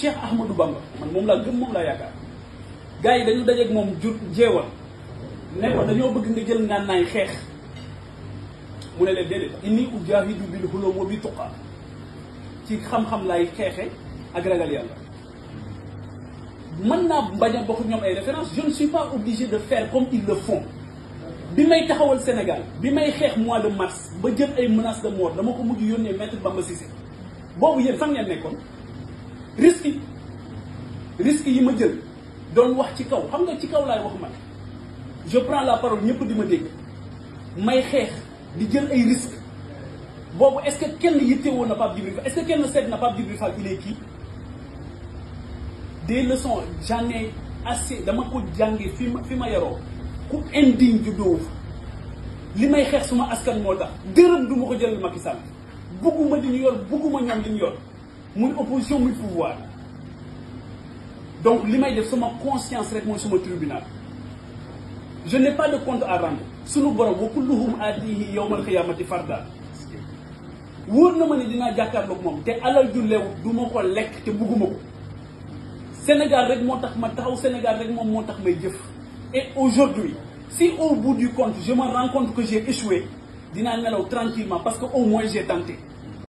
cheikh ahmadou bamba man mom la gëm mom la yaakaar gaay dañu dajé ak mom jut jéwal né ko dañu bëgg nga jël nay xex mu né le dédé inni ujahidu bil hulum wa bi tuqa ci xam-xam lay xexé ak ragal yalla man na mbaña bokk ñom ay référence je ne suis pas obligé de faire comme ils le font bi may taxawal sénégal bi may xex mois de mars ba jël ay menace de mort dama ko mujj yónnee maître bamba cissé bobu yeen fan ngeen nekkon risque risque yi ma jël wax ci kaw xam nga ci kaw je prends la parole ñëpp di dégg may di risque est-ce que kenn na pas de Fall est-ce que kenn na pas de Fall il est qui des leçons j'en ai assez dama ko jànge fi ma fi ma yaroo ku indigne doof li may xeex suma askan moo tax dërëm du ma ko jëlal ñu yor ñu muy opposition muy pouvoir donc l'image may def sama conscience rek mooy sama tribunal je n'ai pas de compte à rendre sunu borom wa kulluhum aatihi yawmal qiyaamati farda wóor na ma ne dinaa jàkkaarloog te alal ju leew lek te bugguma ko Sénégal rek moo tax ma taxaw Sénégal rek moom moo may jëf et aujourd'hui si au bout du compte je me rends compte que j'ai échoué dinaa nelaw tranquillement parce que au moins j'ai tenté